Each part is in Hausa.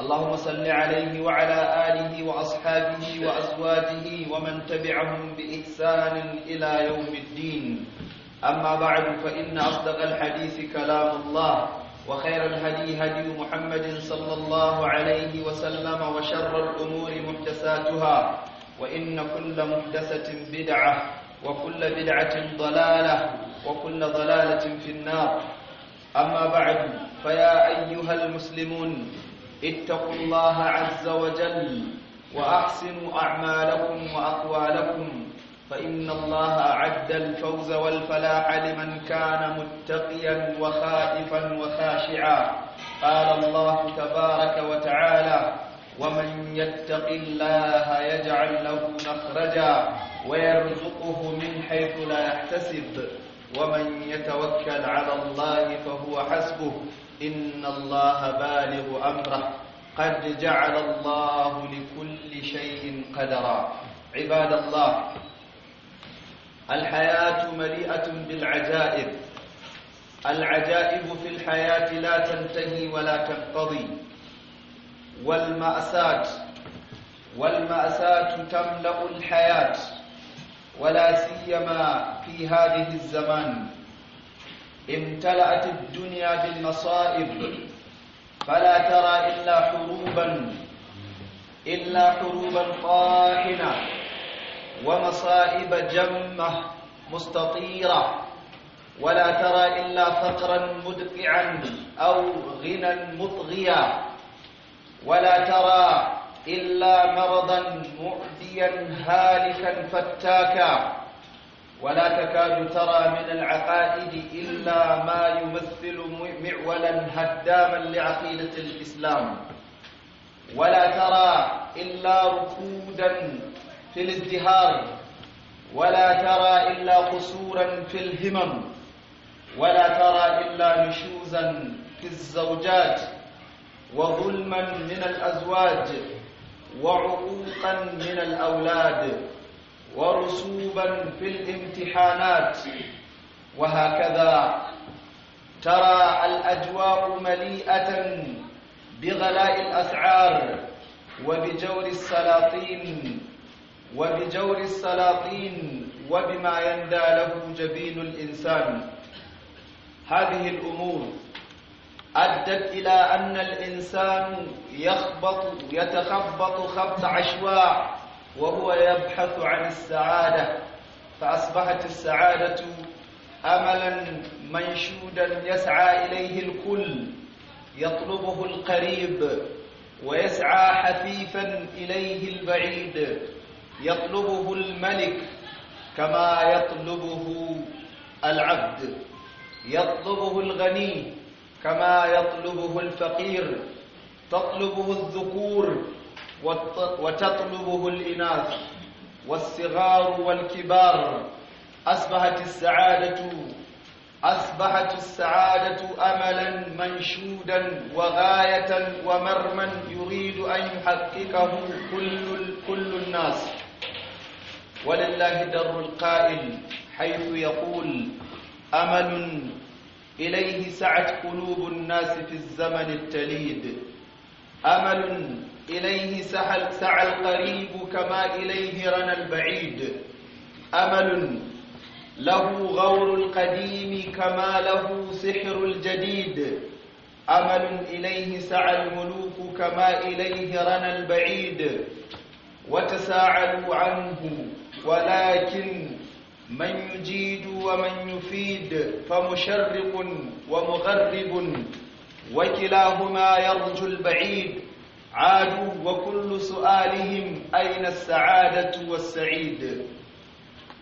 اللهم صل عليه وعلى آله وأصحابه وأزواجه ومن تبعهم بإحسان إلى يوم الدين أما بعد فإن أصدق الحديث كلام الله وخير الهدي هدي محمد صلى الله عليه وسلم وشر الأمور محدثاتها وإن كل محدثة بدعة وكل بدعة ضلالة وكل ضلالة في النار أما بعد فيا أيها المسلمون اتقوا الله عز وجل وأحسنوا أعمالكم وأقوالكم فإن الله أعد الفوز والفلاح لمن كان متقيا وخائفا وخاشعا قال الله تبارك وتعالى ومن يتق الله يجعل له مخرجا ويرزقه من حيث لا يحتسب ومن يتوكل على الله فهو حسبه إن الله بالغ أمره قد جعل الله لكل شيء قدرا عباد الله الحياة مليئة بالعجائب العجائب في الحياة لا تنتهي ولا تنقضي والمأساة والمأساة تملأ الحياة ولا سيما في هذه الزمان امتلأت الدنيا بالمصائب فلا ترى إلا حروبا إلا حروبا قاحنة ومصائب جمة مستطيرة ولا ترى إلا فقرا مدقعا أو غنى مطغيا ولا ترى إلا مرضا مؤذيا هالكا فتاكا ولا تكاد ترى من العقائد إلا ما يمثل معولا هداما لعقيدة الإسلام ولا ترى إلا ركودا في الازدهار ولا ترى إلا قصورا في الهمم ولا ترى إلا نشوزا في الزوجات وظلما من الأزواج وعقوقا من الأولاد ورسوبا في الامتحانات وهكذا ترى الأجواء مليئة بغلاء الأسعار وبجور السلاطين وبجور السلاطين وبما يندى له جبين الإنسان هذه الأمور أدت إلى أن الإنسان يخبط يتخبط خبط عشواء وهو يبحث عن السعادة فأصبحت السعادة أملا منشودا يسعى إليه الكل يطلبه القريب ويسعى حثيفا إليه البعيد يطلبه الملك كما يطلبه العبد يطلبه الغني كما يطلبه الفقير تطلبه الذكور وتطلبه الإناث والصغار والكبار أصبحت السعادة أصبحت السعادة أملا منشودا وغاية ومرما يريد أن يحققه كل كل الناس ولله در القائل حيث يقول أمل إليه سعت قلوب الناس في الزمن التليد أمل إليه سعى سعى القريب كما إليه رنى البعيد أمل له غور القديم كما له سحر الجديد أمل إليه سعى الملوك كما إليه رنى البعيد وتساعدوا عنه ولكن من يجيد ومن يفيد فمشرق ومغرب وكلاهما يرجو البعيد عادوا وكل سؤالهم أين السعادة والسعيد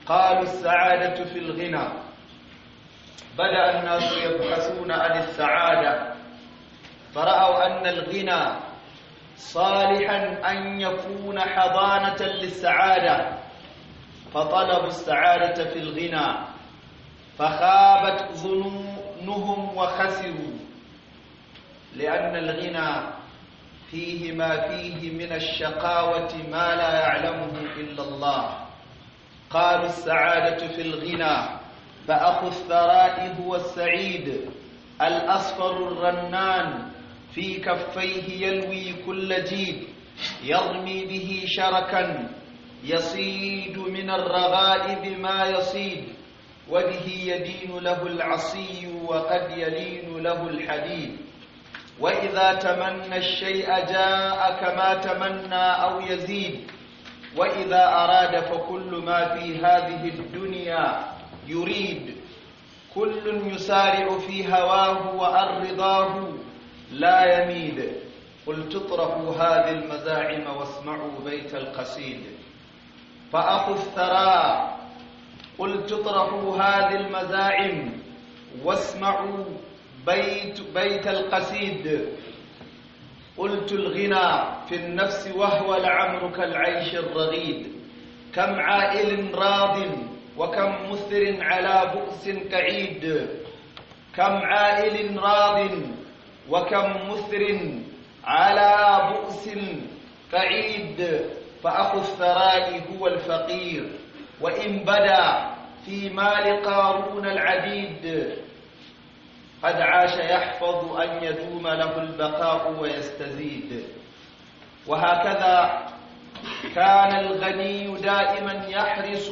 قالوا السعادة في الغنى بدأ الناس يبحثون عن السعادة فرأوا أن الغنى صالحا أن يكون حضانة للسعادة فطلبوا السعادة في الغنى فخابت ظنونهم وخسروا لأن الغنى فيه ما فيه من الشقاوة ما لا يعلمه إلا الله قالوا السعادة في الغنى فأخ الثراء هو السعيد الأصفر الرنان في كفيه يلوي كل جيد يرمي به شركا يصيد من الرغائب ما يصيد وبه يدين له العصي وقد يلين له الحديد وإذا تمنى الشيء جاء كما تمنى أو يزيد وإذا أراد فكل ما في هذه الدنيا يريد كل يسارع في هواه وعن رضاه لا يميد قل تطرحوا هذه المزاعم واسمعوا بيت القصيد فأخو الثراء قل تطرحوا هذه المزاعم واسمعوا بيت, بيت القصيد قلت الغنى في النفس وهو لعمرك العيش الرغيد كم عائل راض وكم مثر على بؤس كعيد كم عائل راض وكم مثر على بؤس كعيد فأخو الثراء هو الفقير وإن بدا في مال قارون العبيد قد عاش يحفظ أن يدوم له البقاء ويستزيد وهكذا كان الغني دائما يحرص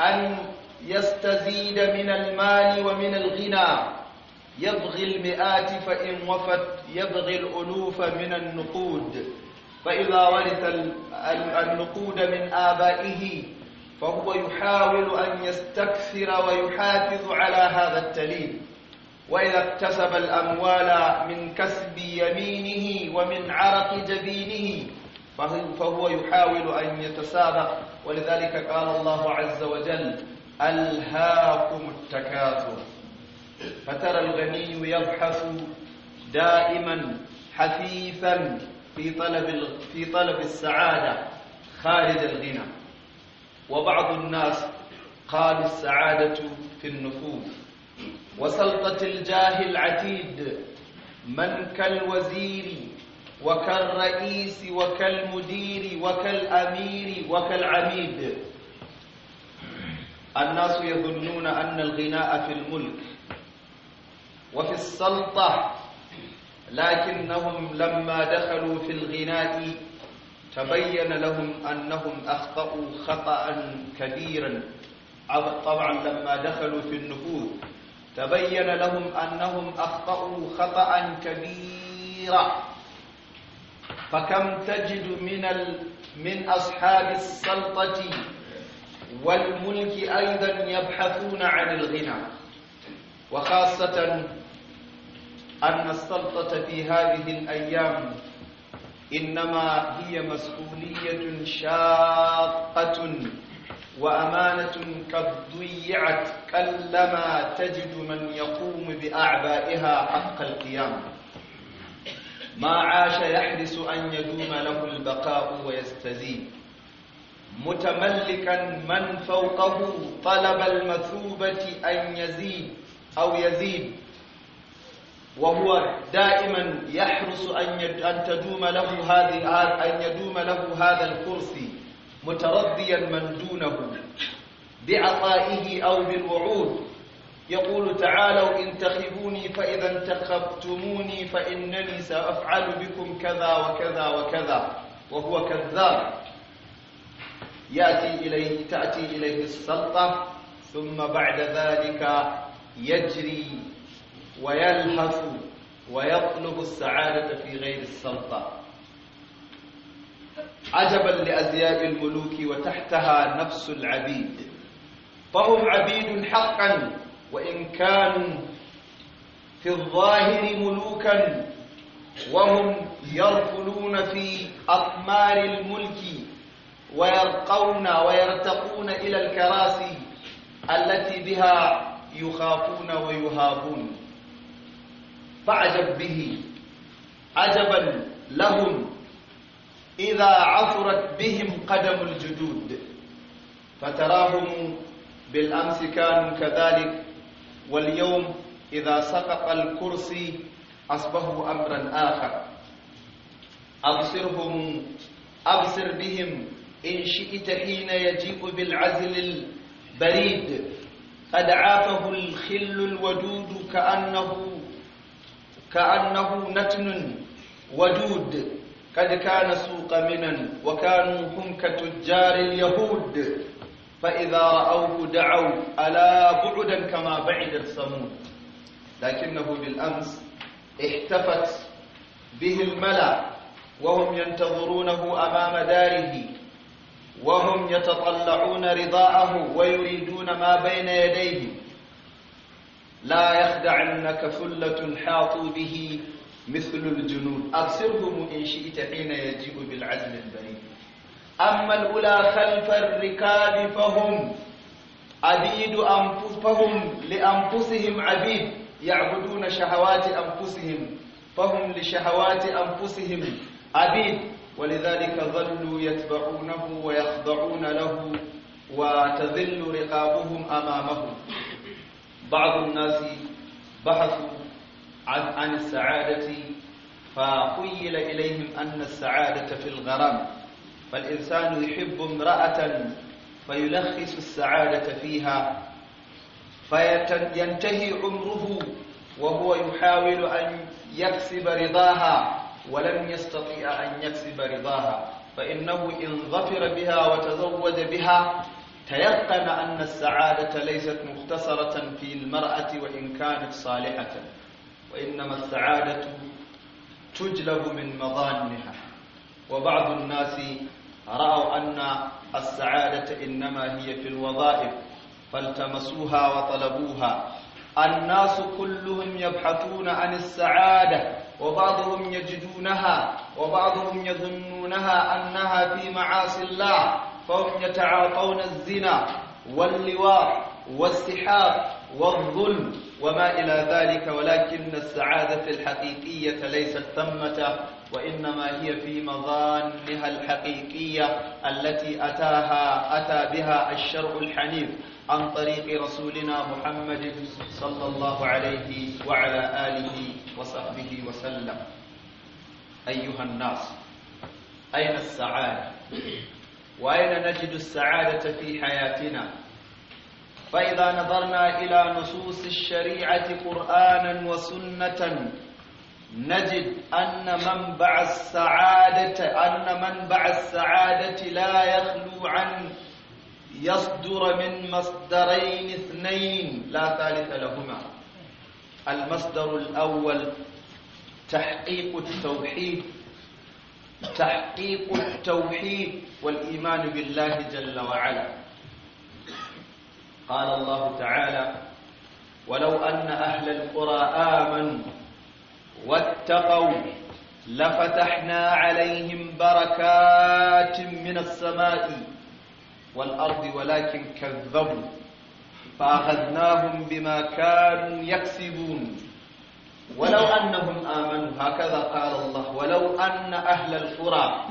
أن يستزيد من المال ومن الغنى يبغي المئات فإن وفت يبغي الألوف من النقود فإذا ورث النقود من آبائه فهو يحاول أن يستكثر ويحافظ على هذا التليد وإذا اكتسب الأموال من كسب يمينه ومن عرق جبينه فهو يحاول أن يتسابق ولذلك قال الله عز وجل ألهاكم التكاثر فترى الغني يبحث دائما حثيثا في طلب في طلب السعادة خارج الغنى وبعض الناس قالوا السعادة في النفوذ وسلطة الجاه العتيد من كالوزير وكالرئيس وكالمدير وكالأمير وكالعميد الناس يظنون أن الغناء في الملك وفي السلطة لكنهم لما دخلوا في الغناء تبين لهم أنهم أخطأوا خطأ كبيرا طبعا لما دخلوا في النفوذ تبين لهم أنهم أخطأوا خطأ كبيرا فكم تجد من ال... من أصحاب السلطة والملك أيضا يبحثون عن الغنى وخاصة أن السلطة في هذه الأيام إنما هي مسؤولية شاقة وأمانة قد ضيعت كلما تجد من يقوم بأعبائها حق القيامة ما عاش يحرص أن يدوم له البقاء ويستزيد متملكا من فوقه طلب المثوبة أن يزيد أو يزيد وهو دائما يحرص أن تدوم له هذه أن يدوم له هذا الكرسي متربيا من دونه بعطائه أو بالوعود يقول تعالوا انتخبوني فإذا انتخبتموني فإنني سأفعل بكم كذا وكذا وكذا وهو كذاب يأتي إليه تأتي إليه السلطة ثم بعد ذلك يجري ويلهث ويطلب السعادة في غير السلطة عجبا لأذياب الملوك وتحتها نفس العبيد فهم عبيد حقا وإن كانوا في الظاهر ملوكا وهم يرفلون في أطمار الملك ويرقون ويرتقون إلى الكراسي التي بها يخافون ويهابون فعجب به عجبا لهم إذا عثرت بهم قدم الجدود فتراهم بالأمس كانوا كذلك واليوم إذا سقط الكرسي أصبحوا أمرا آخر أبصرهم أبصر بهم إن شئت حين يجيء بالعزل البريد قد عافه الخل الودود كأنه كأنه نتن ودود قد كان سوق منن وكانوا هم كتجار اليهود فإذا رأوه دعوا ألا بعدا كما بعدت ثمود لكنه بالأمس احتفت به الملأ وهم ينتظرونه أمام داره وهم يتطلعون رضاءه ويريدون ما بين يديه لا يخدعنك ثلة حاطوا به مثل الجنود أبصرهم إن شئت حين يجيء بالعزم البريد أما الأولى خلف الركاب فهم عبيد أنفسهم فهم لأنفسهم عبيد يعبدون شهوات أنفسهم فهم لشهوات أنفسهم عبيد ولذلك ظلوا يتبعونه ويخضعون له وتذل رقابهم أمامه بعض الناس بحثوا عن السعادة فخيل إليهم أن السعادة في الغرام فالإنسان يحب امرأة فيلخص السعادة فيها فينتهي عمره وهو يحاول أن يكسب رضاها ولم يستطيع أن يكسب رضاها فإنه إن ظفر بها وتزود بها تيقن أن السعادة ليست مختصرة في المرأة وإن كانت صالحة وإنما السعادة تجلب من مظانها وبعض الناس رأوا أن السعادة إنما هي في الوظائف فالتمسوها وطلبوها الناس كلهم يبحثون عن السعادة وبعضهم يجدونها وبعضهم يظنونها أنها في معاصي الله فهم يتعاطون الزنا واللواء والسحاب والظلم وما إلى ذلك ولكن السعادة الحقيقية ليست ثمة وإنما هي في مظانها الحقيقية التي أتاها أتى بها الشرع الحنيف عن طريق رسولنا محمد صلى الله عليه وعلى آله وصحبه وسلم أيها الناس أين السعادة وأين نجد السعادة في حياتنا؟ فإذا نظرنا إلى نصوص الشريعة قرآنا وسنة نجد أن منبع السعادة أن منبع السعادة لا يخلو عن يصدر من مصدرين اثنين لا ثالث لهما المصدر الأول تحقيق التوحيد تحقيق التوحيد والإيمان بالله جل وعلا قال الله تعالى ولو أن أهل القرى آمنوا واتقوا لفتحنا عليهم بركات من السماء والأرض ولكن كذبوا فأخذناهم بما كانوا يكسبون ولو أنهم آمنوا هكذا قال الله ولو أن أهل القرى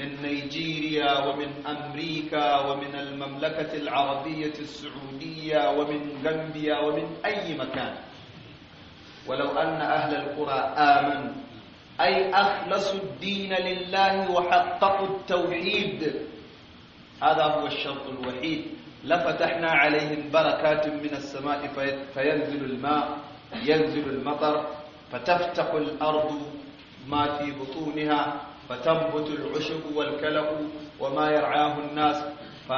من نيجيريا ومن أمريكا ومن المملكة العربية السعودية ومن غامبيا ومن أي مكان ولو أن أهل القرى آمنوا أي أخلصوا الدين لله وحققوا التوحيد هذا هو الشرط الوحيد لفتحنا عليهم بركات من السماء فينزل الماء ينزل المطر فتفتح الأرض ما في بطونها فتنبت العشب والكلق وما يرعاه الناس ف...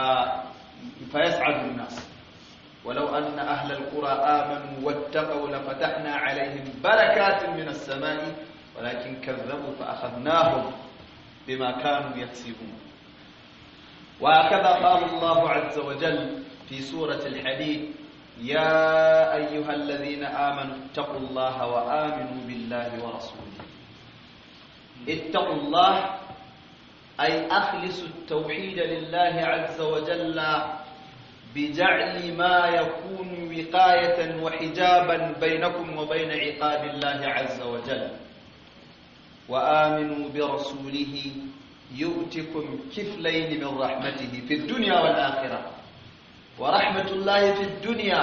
فيسعد الناس ولو أن أهل القرى آمنوا واتقوا لفتحنا عليهم بركات من السماء ولكن كذبوا فأخذناهم بما كانوا يكسبون وهكذا قال الله عز وجل في سورة الحديد يا أيها الذين آمنوا اتقوا الله وآمنوا بالله ورسوله اتقوا الله أي أخلصوا التوحيد لله عز وجل بجعل ما يكون وقاية وحجابا بينكم وبين عقاب الله عز وجل وآمنوا برسوله يؤتكم كفلين من رحمته في الدنيا والآخرة ورحمة الله في الدنيا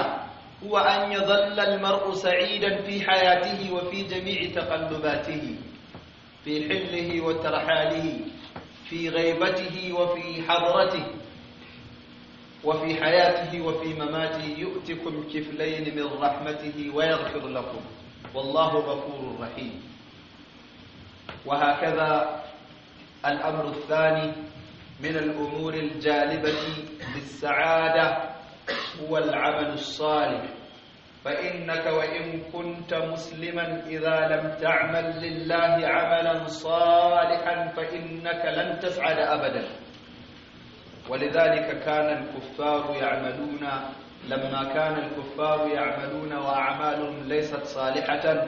هو أن يظل المرء سعيدا في حياته وفي جميع تقلباته في حله وترحاله في غيبته وفي حضرته وفي حياته وفي مماته يؤتكم كفلين من رحمته ويغفر لكم والله غفور رحيم وهكذا الأمر الثاني من الأمور الجالبة للسعادة هو العمل الصالح فإنك وإن كنت مسلما إذا لم تعمل لله عملا صالحا فإنك لن تسعد أبدا ولذلك كان الكفار يعملون لما كان الكفار يعملون وأعمالهم ليست صالحة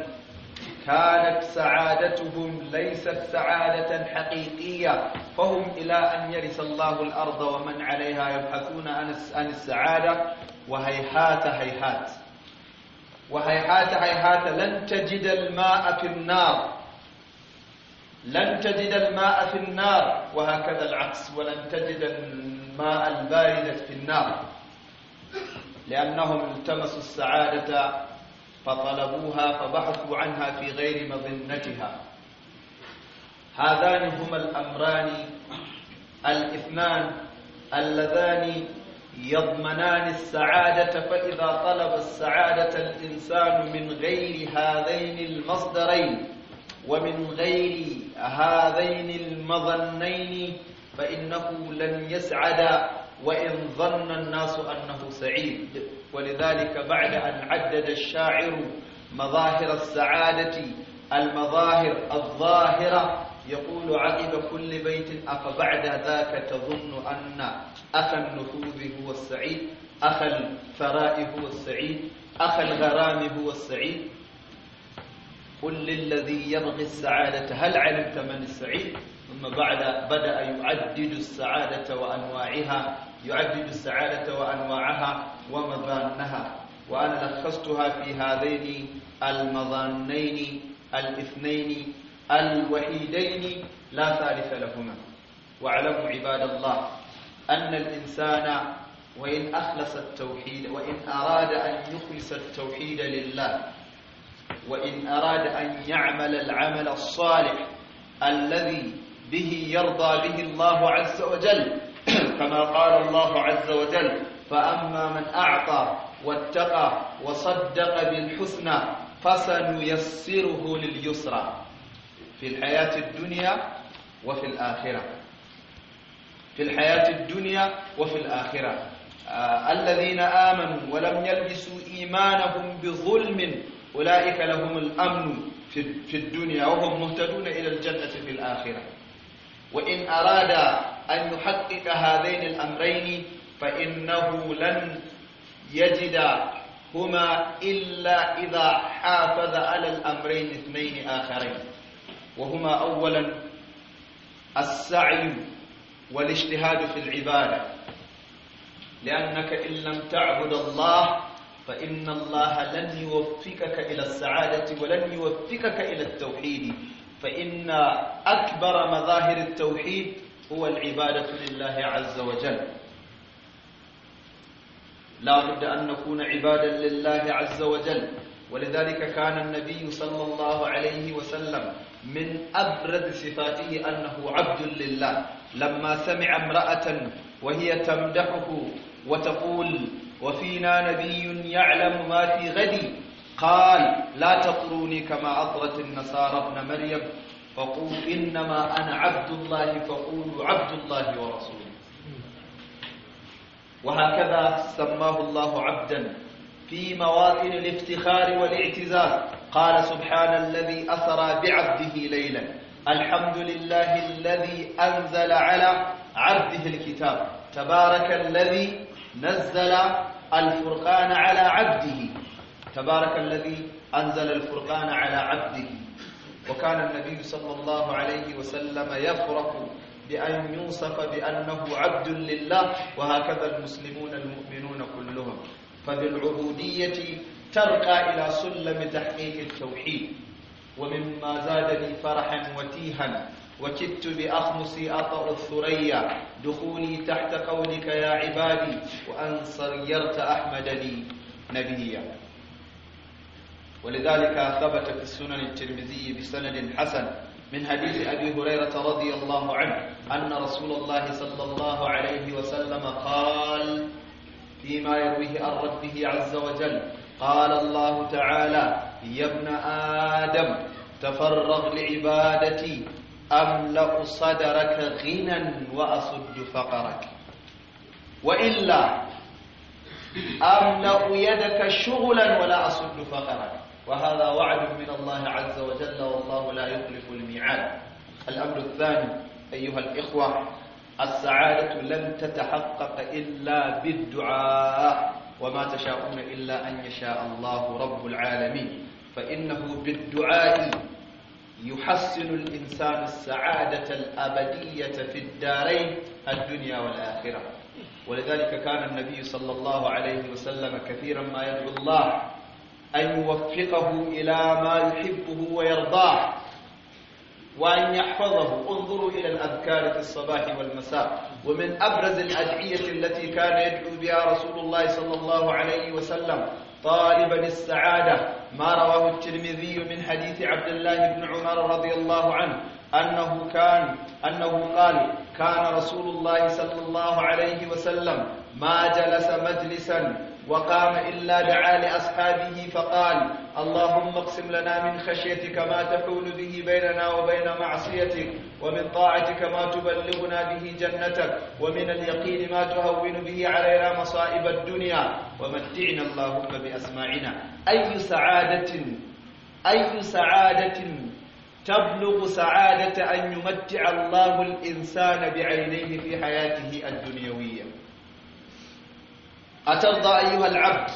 كانت سعادتهم ليست سعادة حقيقية فهم إلى أن يرث الله الأرض ومن عليها يبحثون عن السعادة وهيهات هيهات وهيهات هيهات لن تجد الماء في النار لن تجد الماء في النار وهكذا العكس ولن تجد الماء البارد في النار لأنهم التمسوا السعادة فطلبوها فبحثوا عنها في غير مظنتها هذان هما الأمران الاثنان اللذان يضمنان السعادة فإذا طلب السعادة الإنسان من غير هذين المصدرين ومن غير هذين المظنين فإنه لن يسعد وإن ظن الناس أنه سعيد ولذلك بعد أن عدد الشاعر مظاهر السعادة المظاهر الظاهرة يقول عقب كل بيت أفبعد ذاك تظن أن أخ النفوذ هو السعيد أخ الفراء هو السعيد أخ الغرام هو السعيد قل للذي يبغي السعادة هل علمت من السعيد ثم بعد بدأ يعدد السعادة وأنواعها يعدد السعادة وأنواعها ومظانها وأنا لخصتها في هذين المظانين الاثنين الوحيدين لا ثالث لهما واعلموا عباد الله أن الإنسان وإن أخلص التوحيد وإن أراد أن يخلص التوحيد لله وإن أراد أن يعمل العمل الصالح الذي به يرضى به الله عز وجل كما قال الله عز وجل فأما من أعطى واتقى وصدق بالحسنى فسنيسره لليسرى في الحياة الدنيا وفي الآخرة في الحياة الدنيا وفي الآخرة آه الذين آمنوا ولم يلبسوا إيمانهم بظلم أولئك لهم الأمن في الدنيا وهم مهتدون إلى الجنة في الآخرة وإن أراد أن يحقق هذين الأمرين فإنه لن يجد هما إلا إذا حافظ على الأمرين اثنين آخرين وهما أولا السعي والاجتهاد في العبادة لأنك إن لم تعبد الله فإن الله لن يوفقك إلى السعادة ولن يوفقك إلى التوحيد فإن أكبر مظاهر التوحيد هو العبادة لله عز وجل لا بد أن نكون عبادا لله عز وجل ولذلك كان النبي صلى الله عليه وسلم من أبرد صفاته أنه عبد لله لما سمع امرأة وهي تمدحه وتقول وفينا نبي يعلم ما في غدي قال لا تطروني كما أطرت النصارى ابن مريم فقول إنما أنا عبد الله فقولوا عبد الله ورسوله وهكذا سماه الله عبدا في مواطن الافتخار والاعتزاز قال سبحان الذي أثرى بعبده ليلا الحمد لله الذي أنزل على عبده الكتاب تبارك الذي نزل الفرقان على عبده تبارك الذي أنزل الفرقان على عبده وكان النبي صلى الله عليه وسلم يفرح بأن يوصف بأنه عبد لله وهكذا المسلمون المؤمنون كلهم فبالعبودية ترقى إلى سلم تحقيق التوحيد ومما زادني فرحا وتيها وكدت بأخمصي أطأ الثريا دخولي تحت قولك يا عبادي وأن صيرت أحمد لي نبيا ولذلك ثبت في السنن الترمذي بسند حسن من حديث أبي هريرة رضي الله عنه أن رسول الله صلى الله عليه وسلم قال فيما يرويه عن ربه عز وجل قال الله تعالى يا ابن آدم تفرغ لعبادتي أملأ صدرك غنى وأصد فقرك وإلا أملأ يدك شغلا ولا أصد فقرك وهذا وعد من الله عز وجل والله لا يخلف الميعاد الأمر الثاني أيها الإخوة السعادة لن تتحقق إلا بالدعاء وما تشاءون إلا أن يشاء الله رب العالمين فإنه بالدعاء يحسن الإنسان السعادة الأبدية في الدارين الدنيا والآخرة ولذلك كان النبي صلى الله عليه وسلم كثيرا ما يدعو الله أن يوفقه إلى ما يحبه ويرضاه وأن يحفظه انظروا إلى الأذكار في الصباح والمساء ومن أبرز الأدعية التي كان يدعو بها رسول الله صلى الله عليه وسلم طالبا السعادة ما رواه الترمذي من حديث عبد الله بن عمر رضي الله عنه أنه كان أنه قال كان رسول الله صلى الله عليه وسلم ما جلس مجلسا وقام إلا دعا لأصحابه فقال اللهم اقسم لنا من خشيتك ما تحول به بيننا وبين معصيتك ومن طاعتك ما تبلغنا به جنتك ومن اليقين ما تهون به علينا مصائب الدنيا ومتعنا اللهم بأسماعنا أي سعادة أي سعادة تبلغ سعادة أن يمتع الله الإنسان بعينيه في حياته الدنيوية أترضى أيها العبد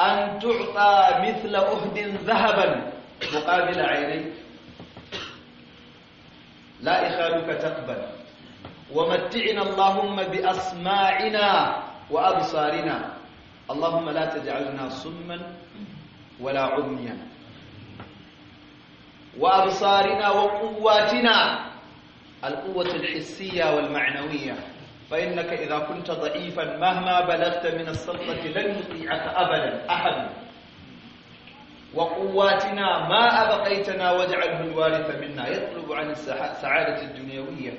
أن تعطى مثل أهد ذهبا مقابل عينيك لا إخالك تقبل ومتعنا اللهم بأسماعنا وأبصارنا اللهم لا تجعلنا صما ولا عميا وأبصارنا وقواتنا القوة الحسية والمعنوية فإنك إذا كنت ضعيفا مهما بلغت من السلطة لن يطيعك أبدا أحد وقواتنا ما أبقيتنا واجعله الوارث منا يطلب عن السعادة الدنيوية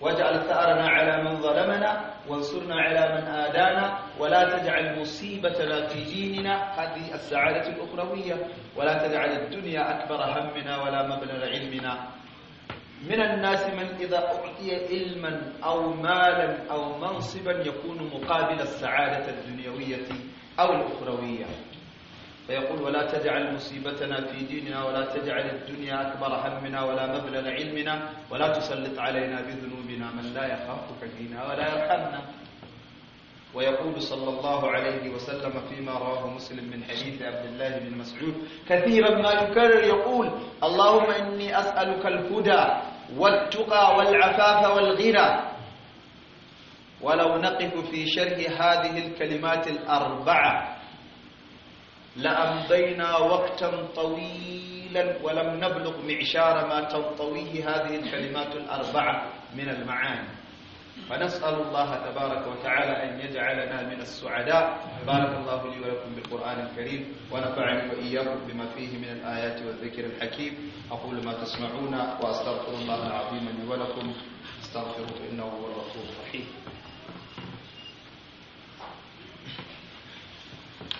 واجعل ثأرنا على من ظلمنا وانصرنا على من آدانا ولا تجعل مصيبة في ديننا هذه السعادة الأخروية ولا تجعل الدنيا أكبر همنا ولا مبلغ علمنا من الناس من إذا أعطي علما أو مالا أو منصبا يكون مقابل السعادة الدنيوية أو الأخروية فيقول ولا تجعل مصيبتنا في ديننا ولا تجعل الدنيا أكبر همنا ولا مبلغ علمنا ولا تسلط علينا بذنوبنا من لا يخافك فينا ولا يرحمنا ويقول صلى الله عليه وسلم فيما رواه مسلم من حديث عبد الله بن مسعود كثيرا ما يكرر يقول اللهم إني أسألك الهدى والتقى والعفاف والغنى ولو نقف في شرح هذه الكلمات الأربعة لأمضينا وقتا طويلا ولم نبلغ معشار ما تنطويه هذه الكلمات الأربعة من المعاني فنسأل الله تبارك وتعالى أن يجعلنا من السعداء بارك الله لي ولكم بالقرآن الكريم ونفعني وإياكم بما فيه من الآيات والذكر الحكيم أقول ما تسمعون وأستغفر الله العظيم لي ولكم استغفروه إنه هو الغفور الرحيم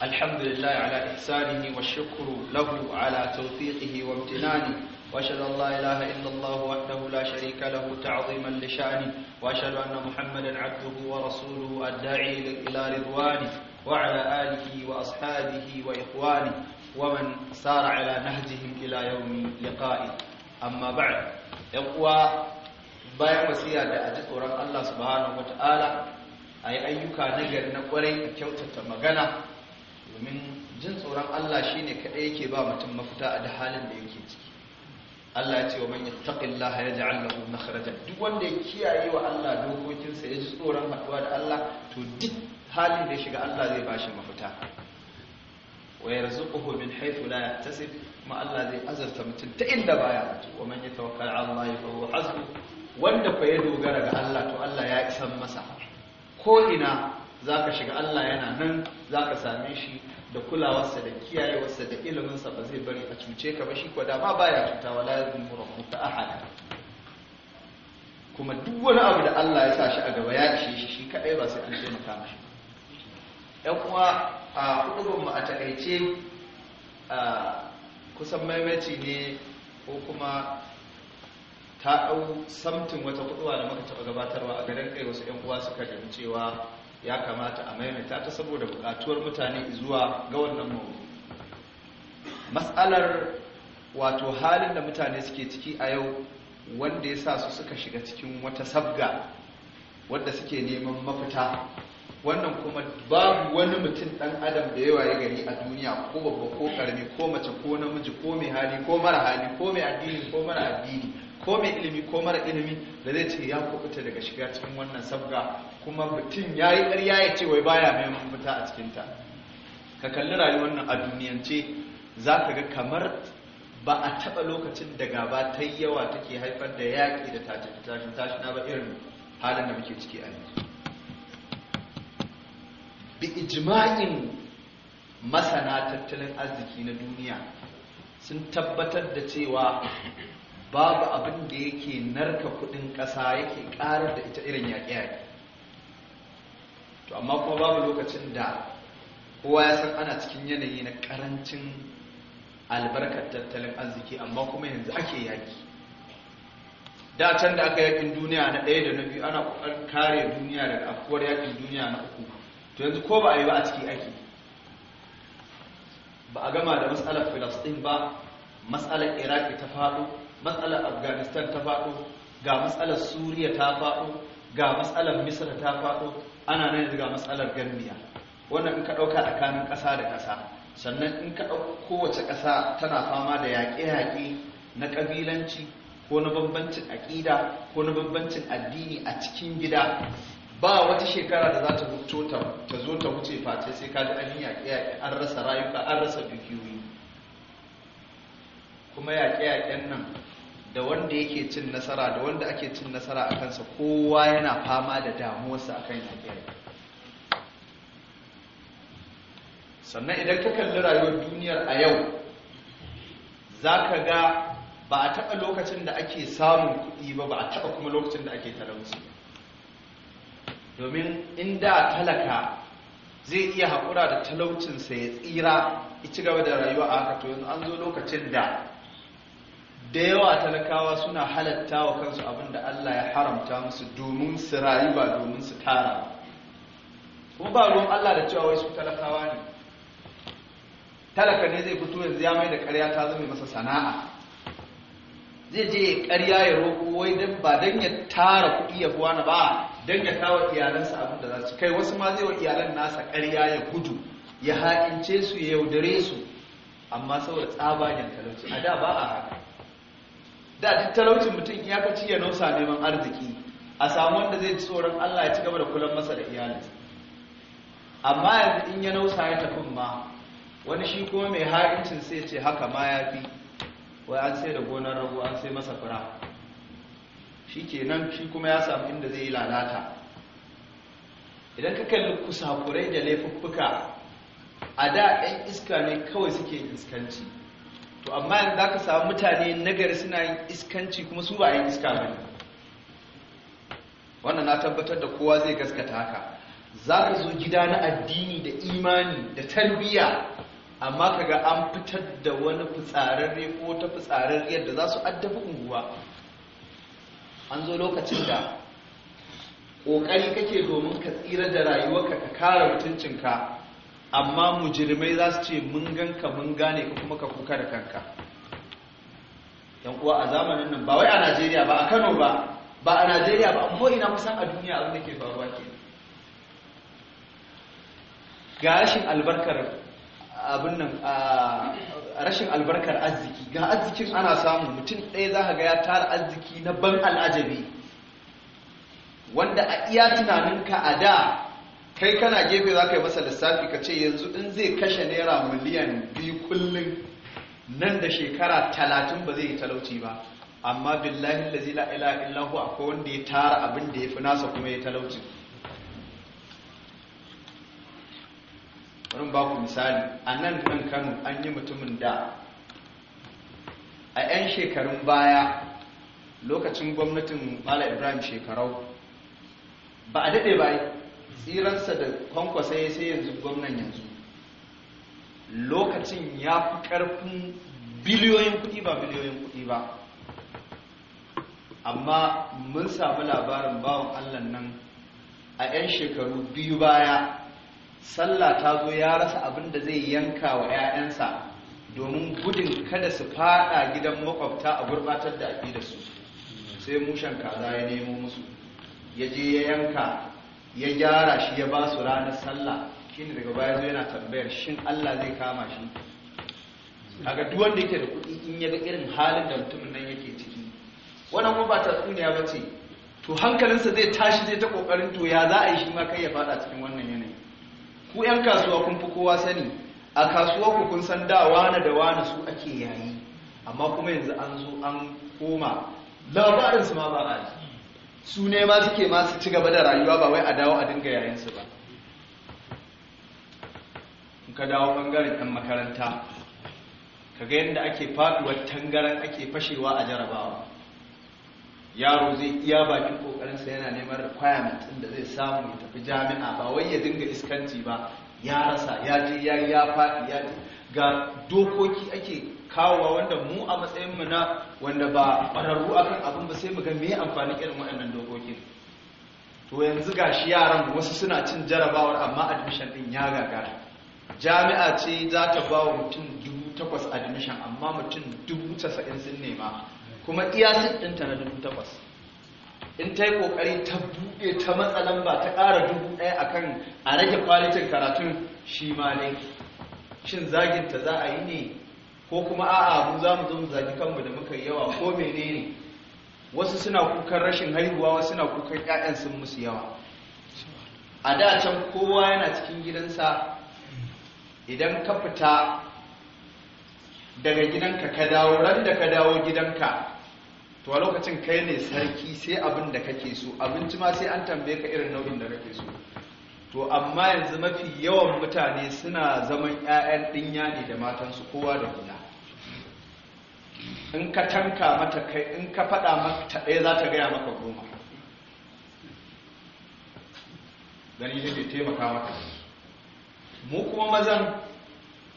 الحمد لله على إحسانه والشكر له على توفيقه وامتنانه وأشهد أن لا إله إلا الله وحده لا شريك له تعظيما لشأنه وأشهد أن محمدا عبده ورسوله الداعي إلى رضوانه وعلى آله وأصحابه وإخوانه ومن سار على نهجهم إلى يوم لقائه أما بعد يقوى bayan wasiya da a ji tsoron Allah subhanahu wata'ala a yi ayyuka na gari na kwarai a kyautata magana domin jin tsoron Allah shi ne kaɗai yake ba mutum mafita a da halin da yake ciki Allah ya ce wa man yattaqillaha yaj'al lahu makhraja duk wanda ya kiyaye wa Allah dokokinsa ya ji tsoron haduwa da Allah to duk halin da ya shiga Allah zai bashi mafita wa yarzuquhu min haythu la yahtasib kuma Allah zai azarta mutum ta inda baya mutu wa man yatawakkal 'ala Allah fa huwa hasbu wanda fa ya dogara ga Allah to Allah ya isan masa ko ina zaka shiga Allah yana nan zaka same shi da kulawarsa da kiyayewarsa da iliminsa ba zai bari a cuce ka ba shi kuwa dama baya cuta wala yadhlimu a ahada kuma duk wani abu da Allah ya sa shi a gaba ya ishe shi shi kadai ba sai an taimaka mashi yan kuma a hudubin mu a takaice kusan maimaci ne ko kuma ta ɗau samtin wata kuɗuwa da muka taɓa gabatarwa a garin kai wasu 'yan uwa suka gani cewa ya kamata a maimaita ta saboda bukatuwar mutane zuwa ga wannan mawu. matsalar wato halin da mutane suke ciki a yau wanda ya sa su suka shiga cikin wata sabga wadda suke neman mafita wannan kuma babu wani mutum dan adam da yawa ya gani a duniya ko babba ko karni ko mace ko namiji ko mai hali ko mara hali ko mai addini ko mara addini ko mai ilimi ko mara ilimi da zai ce ya kubuta daga shiga cikin wannan sabga kuma mutum ya yi ƙarya ya ce wai baya mai mafita a cikinta ka kalli rayuwar nan a duniyance za ka ga kamar ba a taɓa lokacin da gaba ta yawa take haifar da yaƙi da tashin tashina ba irin halin da muke ciki a yanzu bi ijma'in masana tattalin arziki na duniya sun tabbatar da cewa babu abin da yake narka kuɗin ƙasa yake ƙarar da ita irin yaƙe-yaƙe to amma kuma babu lokacin da kowa ya san ana cikin yanayi na karancin albarkar tattalin arziki amma kuma yanzu ake yaki da can da aka yakin duniya na ɗaya da na biyu ana ƙoƙarin kare duniya daga afkuwar yakin duniya na uku to yanzu ko ba a yi ba a ciki ake ba a gama da matsalar filastin ba matsalar iraki ta faɗo matsalar afghanistan ta faɗo ga matsalar suriya ta faɗo ga matsalar misra ta faɗo ana nan yanzu ga matsalar ganniya wannan in ka ɗauka tsakanin ƙasa da ƙasa sannan in ka ɗauka kowace ƙasa tana fama da yaƙe-yaƙe na ƙabilanci ko na bambancin aƙida ko na bambancin addini a cikin gida ba wata shekara da za ta wuto ta zo ta wuce face sai ka ji an yi yaƙe-yaƙe an rasa rayuka an rasa dukiyoyi kuma yaƙe-yaƙen nan da wanda yake cin nasara da wanda ake cin nasara a kansa kowa yana fama da damuwarsa akan alheri sannan idan ka kalli rayuwar duniyar a yau za ka ga ba a taɓa lokacin da ake samun kuɗi ba ba a taɓa kuma lokacin da ake talauci domin inda talaka zai iya haƙura da talaucinsa ya tsira ya ci gaba da rayuwa a haka to yanzu an zo lokacin da da yawa talakawa suna halatta wa kansu abin da Allah ya haramta musu domin su rayu ba domin su tara kuma ba ruwan Allah da cewa wai su talakawa ne talaka ne zai fito yanzu ya mai da ƙarya ta zama masa sana'a zai je ƙarya ya roƙo wai dan ba dan ya tara kuɗi ya buwana ba dan ya kawo iyalansa abin da za su kai wasu ma zai wa iyalan nasa ƙarya ya gudu ya haƙince su ya yaudare su amma saboda tsabagen talauci a da ba a haka da duk talaucin mutum ya ci ya nausa neman arziki a samu wanda zai ci tsoron Allah ya ci gaba da kulan masa da iyalinsa amma yanzu in ya nausa ya tafi ma wani shi kuma mai ha'incin sai ce haka ma ya fi wai an sai da gonar rago an sai masa fura shi kenan shi kuma ya samu inda zai yi lalata idan ka kalli kusakurai da laifuffuka a da ɗan iska ne kawai suke iskanci to amma yanzu za ka samu mutane nagari suna yin iskanci kuma su ba yin iska ba ne. wannan na tabbatar da kowa zai gaskata haka za ka zo gida na addini da imani da tarbiyya amma kaga an fitar da wani fitsararre ko ta fitsararriyar da za su addabi unguwa an zo lokacin da ƙoƙari kake domin ka tsira da rayuwarka ka kare mutuncinka amma mujirmai za su ce mun ganka mun gane ka kuma ka kuka da kanka yan uwa a zamanin nan ba wai a Najeriya ba a Kano ba ba a Najeriya ba amma ina kusan a duniya abin da ke faruwa ke ga rashin albarkar abin nan a rashin albarkar arziki ga arzikin ana samu mutum ɗaya za ka ga ya tara arziki na ban al'ajabi wanda a iya tunaninka a da kai kana gefe za ka yi masa lissafi ka ce yanzu in zai kashe naira miliyan biyu kullum nan da shekara talatin ba zai yi talauci ba amma billahi la ila illahu akwai wanda ya tara abin da ya fi nasa kuma ya talauci bari ba misali a nan kan kano an yi mutumin da a 'yan shekarun baya lokacin gwamnatin mala ibrahim shekarau ba a daɗe ba tsiransa da kwankwasa ya sai yanzu gwamnan yanzu lokacin ya fi ƙarfin biliyoyin kuɗi ba biliyoyin kuɗi ba amma mun samu labarin bawan allah nan a 'yan shekaru biyu baya sallah ta zo ya rasa abin da zai yanka wa 'ya'yansa domin gudun kada su fada gidan makwabta a gurbatar da su sai mushen kaza ya nemo musu ya je ya yanka ya gyara shi ya ba su ranar sallah shine daga baya zo yana tambayar shin Allah zai kama shi kaga duk wanda yake da kuɗi in ya ga irin halin da mutumin nan yake ciki wannan kuma ba tatsuniya ba ce to hankalinsa zai tashi zai ta kokarin to ya za a yi shi ma kai ya fada cikin wannan yanayi ku yan kasuwa kun fi kowa sani a kasuwa ku kun san da wani da wani su ake yayi amma kuma yanzu an zo an koma labarin su ma ba a yi su ne ma suke ma ci gaba da rayuwa ba wai a dawo a dinga su ba in ka dawo bangaren yan makaranta Ka ga yadda ake faduwar tangaran ake fashewa a jarabawa yaro zai iya bakin ƙoƙarinsa yana neman requirement din da zai samu ya tafi jami'a ba wai ya dinga iskanci ba ya rasa ya je ya ya faɗi ya ga dokoki ake kawowa wanda mu a matsayinmu na wanda ba ƙwararru akan abin ba sai mu ga me amfanin irin waɗannan dokokin to yanzu ga shi yaran wasu suna cin jarabawar amma admission ɗin ya gagara jami'a ce za ta ba wa mutum takwas admission amma mutum dubu casa'in sun nema kuma iya ɗinta na dubu takwas in ta yi ƙoƙari ta buɗe ta matsalan ba ta ƙara dubu ɗaya akan a rage kwalitin karatun shi ma laifi shin zaginta za a yi ne ko kuma a'a mu za mu zo mu zagi kanmu da muka yawa ko menene wasu suna kukan rashin haihuwa wasu suna kukan ƴaƴan sun musu yawa a da can kowa yana cikin gidansa idan ka fita daga gidanka ka dawo ran da ka dawo gidanka to a lokacin kai ne sarki sai abin da kake so abinci ma sai an tambaye ka irin nau'in da kake so to amma yanzu mafi yawan mutane suna zaman 'ya'yan ɗinya ne da matansu kowa da guda in ka tanka mata kai in ka faɗa mata ɗaya za ta gaya maka goma gani take taimaka maka mu kuma mazan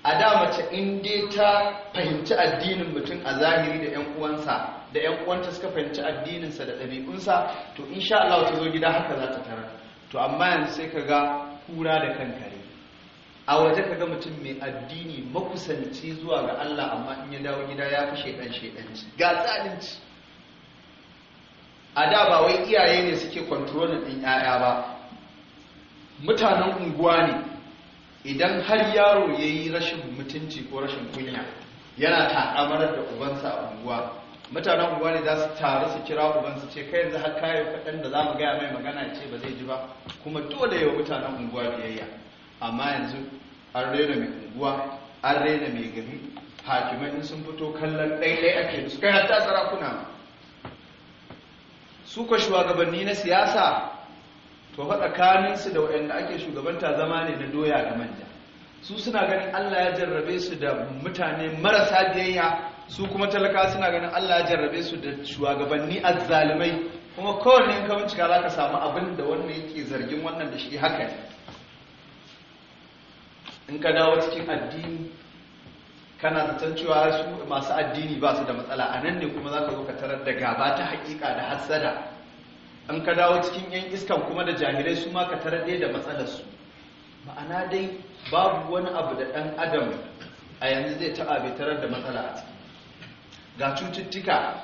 a da mace in dai ta fahimci addinin mutum a zahiri da 'yan uwansa da 'yan uwanta suka fahimci addininsa da ɗabi'unsa to insha Allah ta zo gida haka za ta tarar to amma yanzu sai ka ga kura da kankare a waje ka ga mutum mai addini makusanci zuwa ga Allah amma in ya dawo gida ya fi shaidan shaidanci ga zalunci a da ba wai iyaye ne suke kwantrolin ɗin 'ya'ya ba mutanen unguwa ne idan har yaro ya yi rashin mutunci ko rashin kunya yana taƙamar da ubansa a unguwa mutanen unguwa ne za su taru su kira uban su ce kai yanzu har kayo kaɗan da za mu gaya mai magana ya ce ba zai ji ba kuma dole yawa mutanen unguwa biyayya amma yanzu an rena mai unguwa an rena mai gari hakimai in sun fito kallon ɗaiɗai ake su kai hatta sarakuna su ka shugabanni na siyasa to fa tsakaninsu da waɗanda ake shugabanta zama ne na doya da manja su suna ganin allah ya jarrabe su da mutane marasa biyayya su kuma talaka suna ganin Allah ya jarrabe su da shugabanni azzalumai kuma kowanne in ka bincika za ka samu abin da wannan yake zargin wannan da shi haka ne in ka dawo cikin addini kana zaton cewa su masu addini ba su da matsala a nan ne kuma za ka zo ka tarar da gaba ta hakika da hassada in ka dawo cikin yan iskan kuma da jahilai su ma ka tarar ɗaya da matsalar su ma'ana dai babu wani abu da ɗan adam a yanzu zai taɓa bai tarar da matsala a ciki ga cututtuka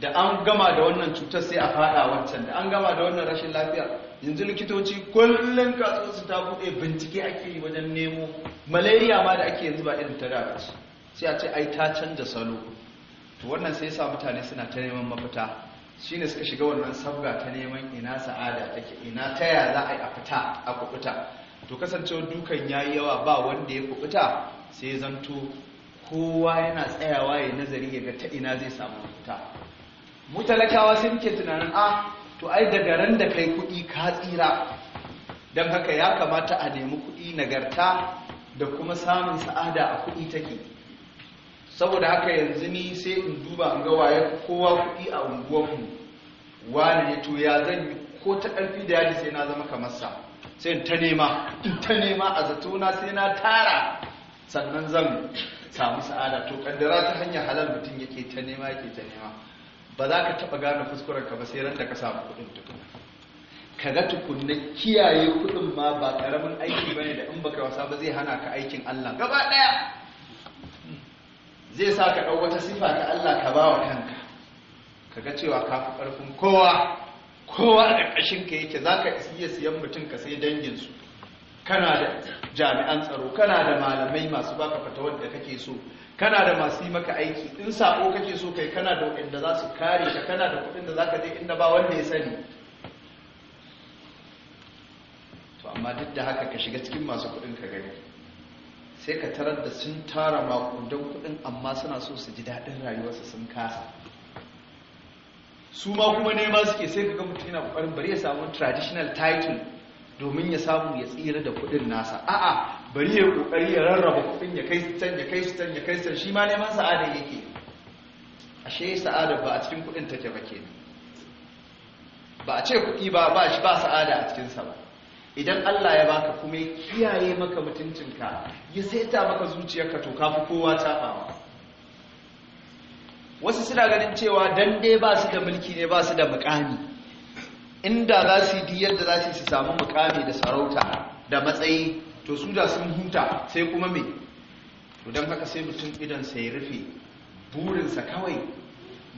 da an gama da wannan cutar sai a fada wancan da an gama da wannan rashin lafiya yanzu likitoci kullum kasuwarsu ta bude bincike ake yi wajen nemo malaria ma da ake yanzu ba irin ta da sai a ce ai ta canza salo to wannan sai sa mutane suna ta neman mafita shine suka shiga wannan sabga ta neman ina sa'ada take ina ta ya za a yi a fita a kubuta to kasancewar dukan yayi yawa ba wanda ya kubuta sai zanto kowa yana tsayawa ya nazari ya ga ta ina zai samu mafita mu talakawa sai ke tunanin a ah, to ai daga ran da kai kuɗi ka tsira don haka ya kamata a nemi kuɗi nagarta da kuma samun sa'ada a kuɗi take saboda haka yanzu ni sai in duba in ga waye kowa kuɗi a unguwanmu wani ne to ya zan yi ko ta ƙarfi da yaji sai na zama kamar sa sai in ta nema in ta nema a zatona sai na tara sannan zan samu sa'ada to kaddara ta hanyar halal mutum yake ta nema yake ta nema ba za ka taɓa gane fuskuren ka ba sai ran da ka samu kuɗin tukuna ka ga tukunna kiyaye kuɗin ma ba karamin aiki bane da in baka wasa ba zai hana ka aikin Allah gaba ɗaya zai sa ka ɗau wata sifa ta Allah ka ba wa kanka ka ga cewa ka fi ƙarfin kowa kowa da ƙashin ka yake za ka iya siyan mutum ka sai danginsu kana da jami'an tsaro kana da malamai masu baka fata wanda kake so kana da masu yi maka aiki in sako kake so kai kana da waɗanda za su kare ka kana da kuɗin da za ka je inda ba wanda ya sani to amma duk da haka ka shiga cikin masu kuɗin ka gani sai ka tarar da sun tara makudan kuɗin amma suna so su ji daɗin rayuwarsa sun kasa su ma kuma nema suke sai ka ga mutum yana ƙoƙarin bari ya samu traditional title domin ya samu ya tsira da kudin nasa a'a bari ya kokari ya rarraba kudin ya kai can ya kai can ya kai can shi ma neman sa'ada yake ashe sa'ada ba a cikin kudin take ba ke. ba a ce kudi ba ba shi ba sa'ada a cikin sa ba idan Allah ya baka kuma ya kiyaye maka mutuncinka ya saita maka zuciyarka to kafi kowa tafawa wasu suna ganin cewa dan dai ba su da mulki ne ba su da mukami inda za su yi yadda za su samu mukami da sarauta da matsayi to su da sun huta sai kuma me to don haka sai mutum idan ya rufe burinsa kawai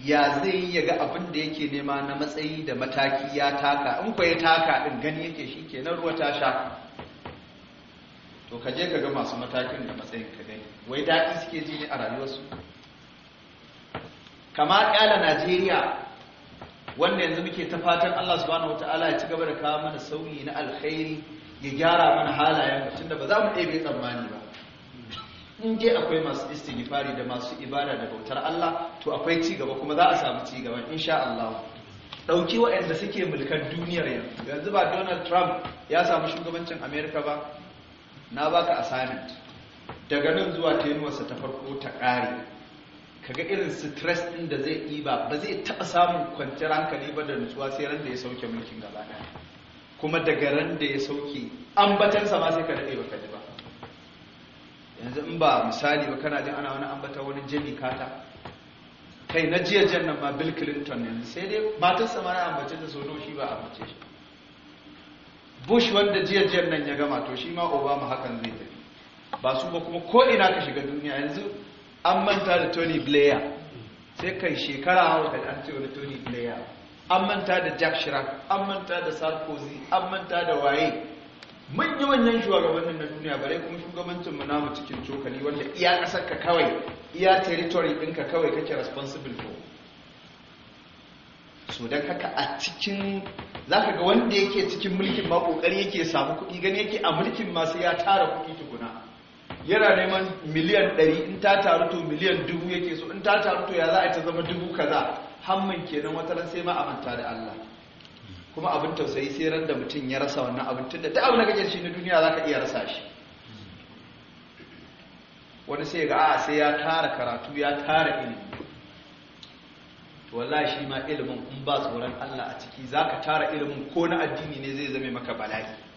ya zai yi ya ga abin da yake nema na matsayi da mataki ya taka in kwa ya taka din gani yake shi ke nan ruwa ta sha to ka je ka ga masu matakin da matsayin ka gani wai daɗi suke ji ne a rayuwarsu kamar ƙyala najeriya wanda yanzu muke ta fatan Allah subhanahu wataala ya ci gaba da kawo mana sauyi na alkhairi ya gyara mana halayen tunda ba za mu ɗebe tsammani ba in dai akwai masu istighfari da masu ibada da bautar Allah to akwai ci gaba kuma za a samu ci gaba insha Allah dauki waɗanda suke mulkar duniyar yanzu yanzu ba Donald Trump ya samu shugabancin America ba na baka assignment daga nan zuwa tenuwarsa ta farko ta ƙare kaga irin stress din da zai yi ba ba zai taɓa samun kwanciyar hankali ba da nutsuwa sai ran da ya sauke mulkin gaba ɗaya kuma daga ran da ya sauke ambatansa ma sai ka daɗe baka ji ba yanzu in ba misali ba kana jin ana wani ambata wani jami kata kai na jiya jan nan ma bill clinton yanzu sai dai matarsa ma na ambace ta so shi ba ambace shi bush wanda jiya jan nan ya gama to shi ma obama hakan zai tafi ba su ba kuma ko ina ka shiga duniya yanzu an manta da tony blair sai kai shekara hauka da an ce wani tony blair an manta da jack shirak an manta da sarkozy an manta da waye manya-manyan shugabannin na duniya bare kuma shugabancin mu namu cikin cokali wanda iya ƙasar ka kawai iya territory ɗinka kawai kake responsible for so haka a cikin zaka ga wanda yake cikin mulkin ma kokari yake samu kuɗi gani yake a mulkin masu ya tara kuɗi tukuna yana neman miliyan ɗari in ta taru to miliyan dubu yake so in ta taru to ya za a ta zama dubu kaza hamman kenan wata sai ma amanta da Allah kuma abin tausayi sai ran da mutum ya rasa wannan abin tunda duk abin da kake shi na duniya zaka iya rasa shi wani sai ga a sai ya tara karatu ya tara ilimi to wallahi shi ma ilimin in ba tsoron Allah a ciki zaka tara ilimin ko na addini ne zai zame maka bala'i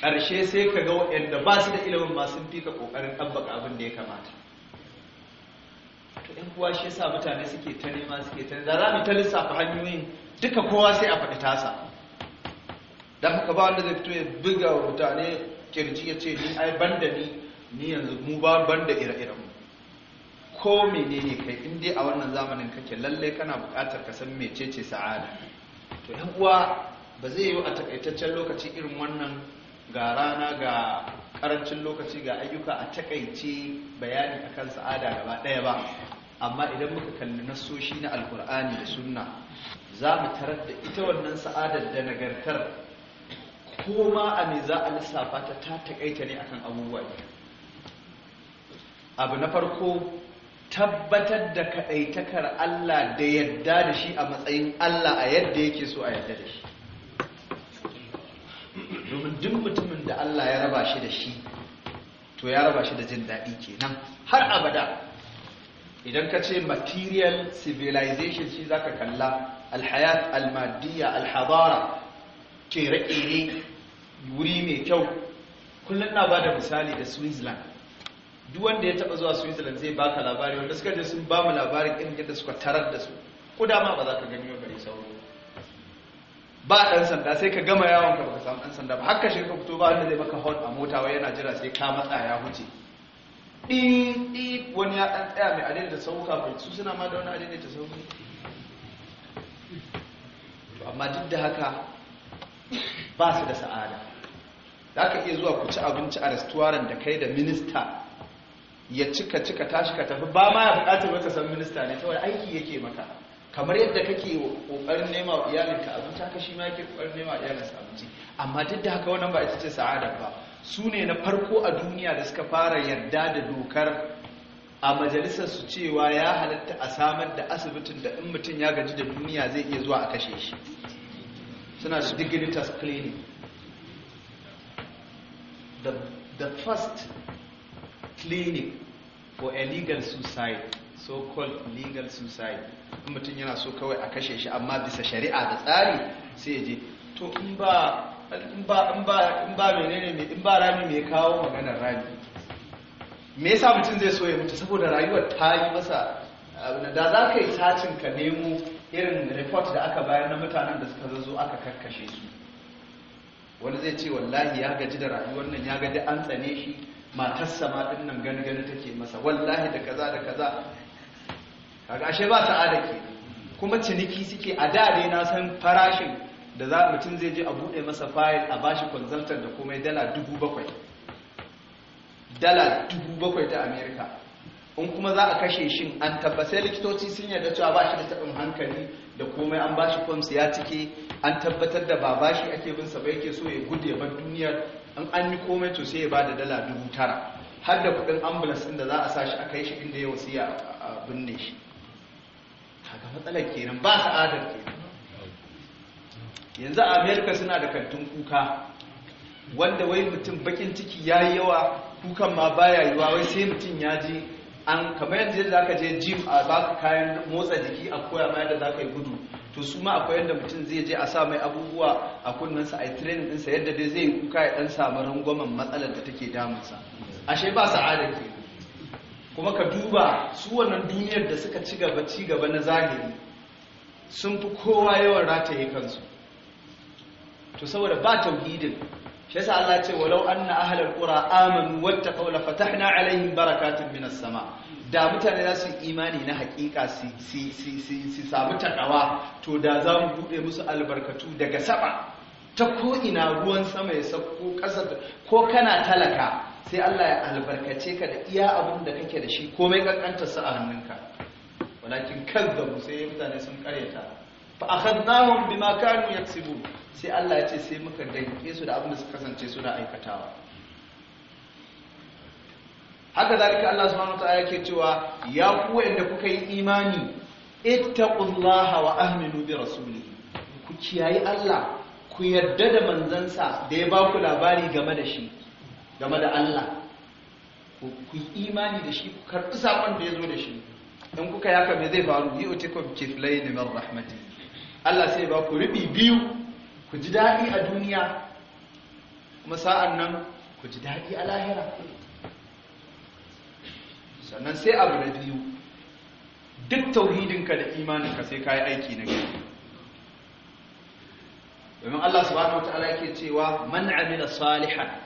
ƙarshe sai ka ga waɗanda ba su da ilimin ma sun fi ka ƙoƙarin ɗabbaka abin da ya kamata to ɗan kuwa shi sa mutane suke ta nema suke ta da za mu ta lissafa hanyoyin duka kowa sai a faɗi tasa don haka ba wanda zai fito ya buga wa mutane kirji ya ce ni ai ban da ni ni yanzu mu ba ban da ire-iren mu ko menene kai in dai a wannan zamanin kake lallai kana buƙatar ka san mecece sa'ada to yan uwa ba zai yi a takaitaccen lokaci irin wannan ga rana ga karancin lokaci ga ayyuka a takaice bayani akan sa'ada gaba ɗaya ba amma idan muka kalli nassoshi na alkur'ani da sunna za mu tarar da ita wannan sa'adar da nagartar koma a me za a lissafa ta ta takaita ne akan abubuwa abu na farko tabbatar da kaɗaitakar Allah da yadda da shi a matsayin Allah a yadda yake so a yadda da shi domin duk mutumin da Allah ya raba shi da shi to ya raba shi da jin daɗi kenan har abada idan ka ce material civilization shi zaka kalla alhayat almadiyya alhabara kere-kere wuri mai kyau kullum na ba da misali da switzerland duk wanda ya taba zuwa switzerland zai baka labari wanda suka je sun ba mu labarin irin yadda suka tarar da su ko dama ba za ka gani ba bare sauran ba ɗan sanda sai ka gama yawon ka baka samu dan sanda ba haka ka fito ba wanda zai maka hon a mota wai yana jira sai ka matsa ya huce ɗi wani ya ɗan tsaya mai da sauka bai su da wani da sauka amma duk da haka ba su da sa'ada za ka iya zuwa ku ci abinci a restoran da kai da minista ya cika cika tashi ka tafi ba ma ya bukatar wata san minista ne kawai aiki yake maka kamar yadda kake kokarin nema wa iyalinka abinci haka shi ma yake kokarin nema iyalinsa abinci amma duk da haka wannan ba ita ce sa'ada ba su ne na farko a duniya da suka fara yarda da dokar a majalisar su cewa ya halatta a samar da asibitin da in mutum ya gaji da duniya zai iya zuwa a kashe shi suna su dignitas clinic the, the first clinic for illegal suicide so-called legal suicide in mutum yana so kawai a kashe shi amma bisa shari'a da tsari sai ya je to in ba in ba in ba rami mai kawo maganar rami me yasa mutum zai so ya mutu saboda rayuwar ta yi masa da za ka yi sacin ka nemo irin report da aka bayar na mutanen da suka zo aka karkashe su wani zai ce wallahi ya gaji da rayuwar nan ya gaji an tsane shi matarsa ma din nan gani gani take masa wallahi da kaza da kaza kaga ashe ba ta adaki kuma ciniki suke a da dai na san farashin da za mutum zai je a bude masa fayil a bashi consultant da komai dala dubu bakwai dala dubu bakwai ta america in kuma za a kashe shi an tabbasai likitoci sun yarda cewa ba shi da taɓin hankali da komai an bashi shi ya cike an tabbatar da ba bashi shi ake bin sa ba yake so ya gude ban duniyar in an yi komai to sai ya ba da dala dubu tara har da kuɗin ambulance ɗin da za a sa shi a kai shi inda ya wasiya a binne shi haka matsalar kenan ba adar kenan yanzu a Amerika suna da kantun kuka wanda wai mutum bakin ciki ya yi yawa kukan ma baya yiwa wai sai mutum ya ji an kamar yadda za ka je jim a baka kayan motsa jiki a koya ma yadda za ka yi gudu to su ma akwai yadda mutum zai je a sa mai abubuwa a kunnensa a yi training ɗinsa yadda dai zai yi kuka ya dan samu rangwamen matsalar da take damunsa ashe ba sa'adar ke kuma ka duba su wannan duniyar da suka ci gaba ci gaba na zahiri sun fi kowa yawan rataye kansu to saboda ba tauhidin shi yasa Allah ce walau anna ahlal qura amanu wattaqaw la fatahna alaihim barakatun minas sama da mutane za su imani na si su si samu takawa to da za mu bude musu albarkatu daga sama ta ko ina ruwan sama ya sauko ƙasa ko kana talaka sai Allah ya albarkace ka da iya abin da kake da shi komai kankanta sa a hannunka walakin kazzabu sai mutane sun karyata fa akhadnahum bima kanu yaksibun sai Allah ya ce sai muka danke su da abin da suka kasance suna aikatawa haka zalika Allah subhanahu wataala yake cewa ya ku wanda kuka yi imani ittaqullaha wa aminu bi rasulihi ku kiyayi Allah ku yarda da manzansa da ya ba ku labari game da shi game da Allah ku imani da shi ku karɓi saƙon da ya zo da shi in kuka haka me zai faru yi uti kum kiflaini min rahmati Allah sai ba ku rubi biyu ku ji daɗi a duniya kuma sa'an nan ku ji daɗi a lahira sannan sai abu na biyu duk tauhidinka da imaninka sai ka aiki na gari domin Allah subhanahu wa ta'ala yake cewa man amila salihan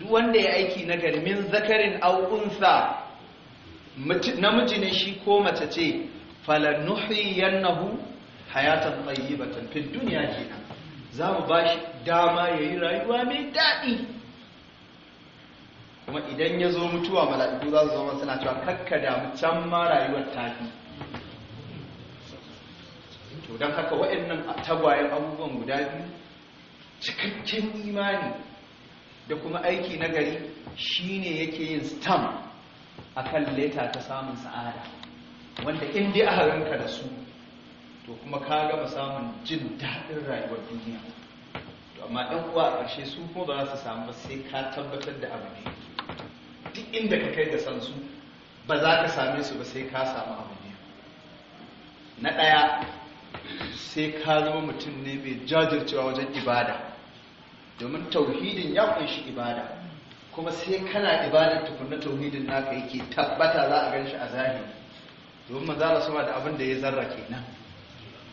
duk wanda ya aiki na garmin min zakarin au'unsa namiji ne shi ko mace ce falanuhiyannahu hayatan tayyibatan fid dunya kenan za mu ba shi dama ya yi rayuwa mai daɗi kuma idan ya zo mutuwa mala'iku za su zama suna cewa kakka damu can ma rayuwar tafi to don haka waɗannan tagwayen abubuwan guda biyu cikakken imani da kuma aiki na gari ne yake yin stam akan leta ta samun sa'ada wanda in dai aka ranka da su to kuma ka gama samun jin daɗin rayuwar duniya to amma ɗan uwa a ƙarshe su kuma ba za su samu sai ka tabbatar da abu ne duk inda ka kai da san su ba za ka same su ba sai ka samu abu ne na ɗaya sai ka zama mutum ne mai jajircewa wajen ibada domin tauhidin ya kunshi ibada kuma sai kana ibadar tukunna tauhidin naka yake tabbata za a gan shi a zahiri domin manzala sama da abin da ya zarra kenan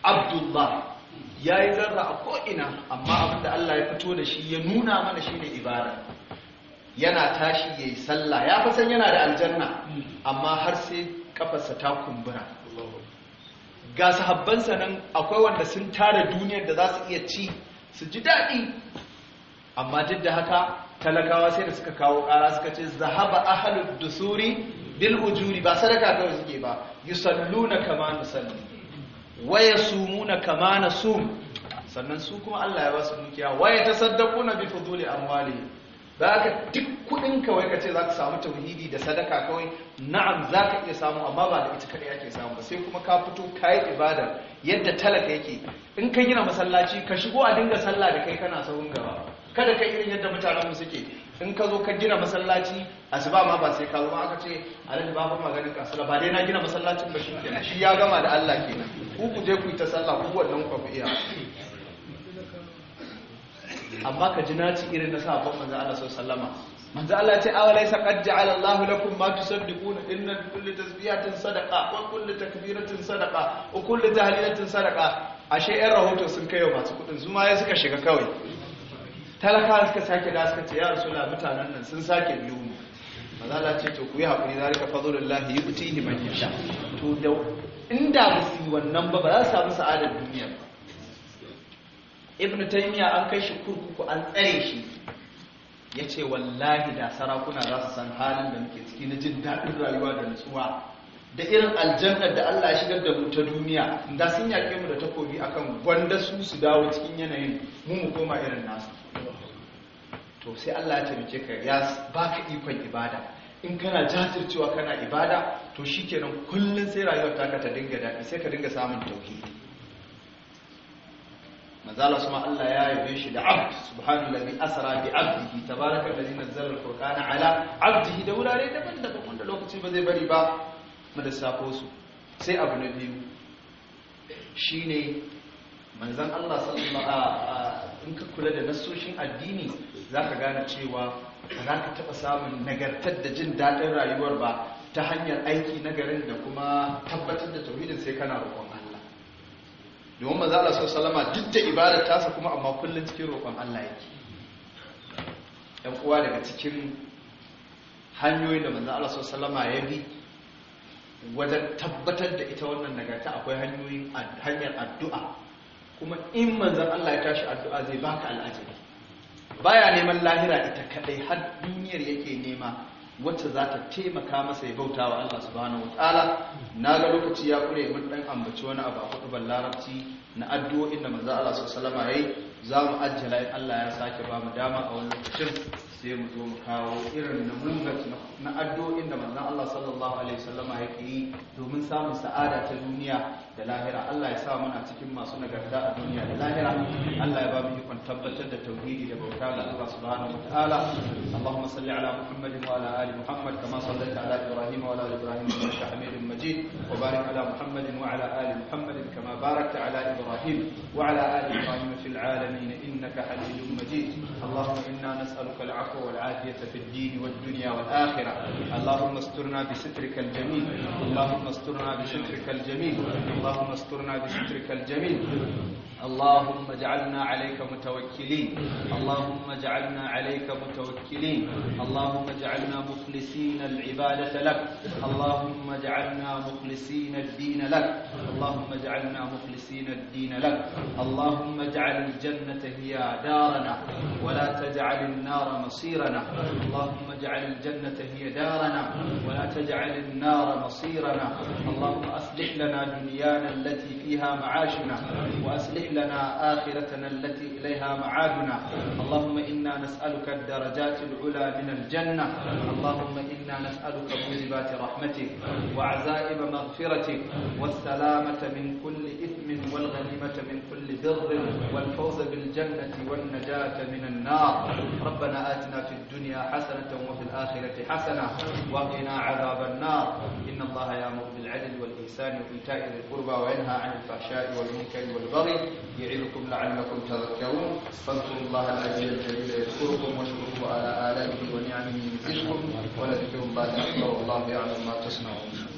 abdullah ya yi zarra a ko'ina amma abin da allah ya fito da shi ya nuna mana shi ne ibada yana tashi ya yi sallah ya fasan yana da aljanna amma har sai kafarsa ta kumbura ga sahabbansa nan akwai wanda sun tara duniyar da za su iya ci su ji daɗi amma duk da haka talakawa sai da suka kawo kara suka ce zahaba ahlud dusuri bil ujuri ba sadaka kawai suke ba yusalluna kama nusalli wa yasumuna kama nasum sannan su kuma Allah ya ba su dukiya wa yatasaddaquna bi fuduli amwali ba ka duk kudin kawai ka ce za ka samu tauhidi da sadaka kawai na'am za ka iya samu amma ba da ita kaɗai ake samu ba sai kuma ka fito ka yi ibada yadda talaka yake in ka gina masallaci ka shigo a dinga sallah da kai kana sahun gaba kada ka irin yadda mutanen mu suke in ka zo ka gina masallaci asuba ma ba sai ka zo aka ce nan ba kuma ganin kasala ba dai na gina masallacin ba shi kenan shi ya gama da Allah kenan ku ku je ku yi ta sallah ku wannan ku iya amma ka ji naci irin na sa babban manzo Allah sallama manzo Allah ce a walaysa qad ja'ala Allah lakum ma tusaddiquna inna kulli tasbihatin sadaqa wa kulli takbiratin sadaqa wa kulli tahlilatin sadaqa ashe ɗan rahoto sun kai wa masu kudin zuma ya suka shiga kawai talakawa suka sake da suka ce ya rasula mutanen nan sun sake biyu mu mazala ce to ku yi haƙuri yi uti yu'tihi man sha to da inda ba su wannan ba ba za su samu sa'adar duniya ba ibnu taymiya an kai shi kurkuku an tsare shi ya ce wallahi da sarakuna za su san halin da muke ciki na jin daɗin rayuwa da nutsuwa da irin aljannar da Allah ya shigar da mu ta duniya da sun yaƙe mu da takobi akan gwanda su su dawo cikin yanayin mu mu koma irin nasu to sai Allah ya taimake ka ya baka ikon ibada in kana jajircewa kana ibada to shikenan kullun sai rayuwar taka ta dinga daɗi sai ka dinga samun tauhidi manzala suma Allah ya yabe shi da abd subhanallahi asra bi abdihi tabaraka allazi nazzala alqur'ana ala abdihi da wurare daban-daban wanda lokaci ba zai bari ba mu da sako su sai abu na biyu shine manzan Allah sallallahu alaihi in ka kula da nasoshin addini za ka gane cewa ba za ka taɓa samun nagartar da jin daɗin rayuwar ba ta hanyar aiki na garin da kuma tabbatar da tauhidin sai kana roƙon Allah domin maza Allah sau salama duk da ibadar tasa kuma amma kullum cikin roƙon Allah yake ɗan uwa daga cikin hanyoyin da maza Allah sau salama ya bi wajen tabbatar da ita wannan nagarta akwai hanyoyin hanyar addu'a kuma in manzan Allah ya tashi addu'a zai baka al'ajiri baya neman lahira ita kadai har duniyar yake nema wacce za ta taimaka masa ya bauta wa Allah subhanahu wataala na ga lokaci ya kure mun dan ambaci wani abu a kudu larabci na addu'o'in da manzo Allah sallallahu alaihi wasallam yayi za mu ajjala in Allah ya sake ba mu dama a wannan lokacin sai mu zo mu kawo irin namugat na addu'o'in da manzon Allah sallallahu alaihi wasallama yake yi domin samun sa'ada ta duniya da lahira Allah ya sa muna cikin masu nagarta a duniya da lahira Allah ya ba mu ikon tabbatar da tauhidi da bauta ga Allah subhanahu wataala Allahumma salli ala Muhammad wa ala ali Muhammad kama sallaita ala Ibrahim wa ala ali Ibrahim innaka Hamidum Majid wa barik ala Muhammad wa ala ali Muhammad kama barakta ala Ibrahim wa ala ali Ibrahim fil alamin innaka Hamidum Majid Allahumma inna nas'aluka al والعفو والعافية في الدين والدنيا والآخرة اللهم استرنا بسترك الجميل اللهم استرنا بسترك الجميل اللهم استرنا بسترك الجميل اللهم اجعلنا عليك متوكلين اللهم اجعلنا عليك متوكلين اللهم اجعلنا مخلصين العبادة لك اللهم اجعلنا مخلصين الدين لك اللهم اجعلنا مخلصين الدين لك اللهم اجعل الجنة هي دارنا ولا تجعل النار مصيرنا مصيرنا اللهم اجعل الجنة هي دارنا ولا تجعل النار مصيرنا اللهم أصلح لنا دنيانا التي فيها معاشنا وأصلح لنا آخرتنا التي إليها معادنا اللهم إنا نسألك الدرجات العلى من الجنة اللهم إنا نسألك موجبات رحمتك وعزائم مغفرتك والسلامة من كل إثم والغنيمة من كل بر والفوز بالجنة والنجاة من النار ربنا آتنا آتنا في الدنيا حسنة وفي الآخرة حسنة وقنا عذاب النار إن الله يأمر بالعدل والإحسان وإيتاء ذي القربى وينهى عن الفحشاء والمنكر والبغي يعظكم لعلكم تذكرون فاذكروا الله العزيز الجليل يذكركم واشكروه على آلائه ونعمه يزدكم ولذكر الله أكبر والله يعلم ما تصنعون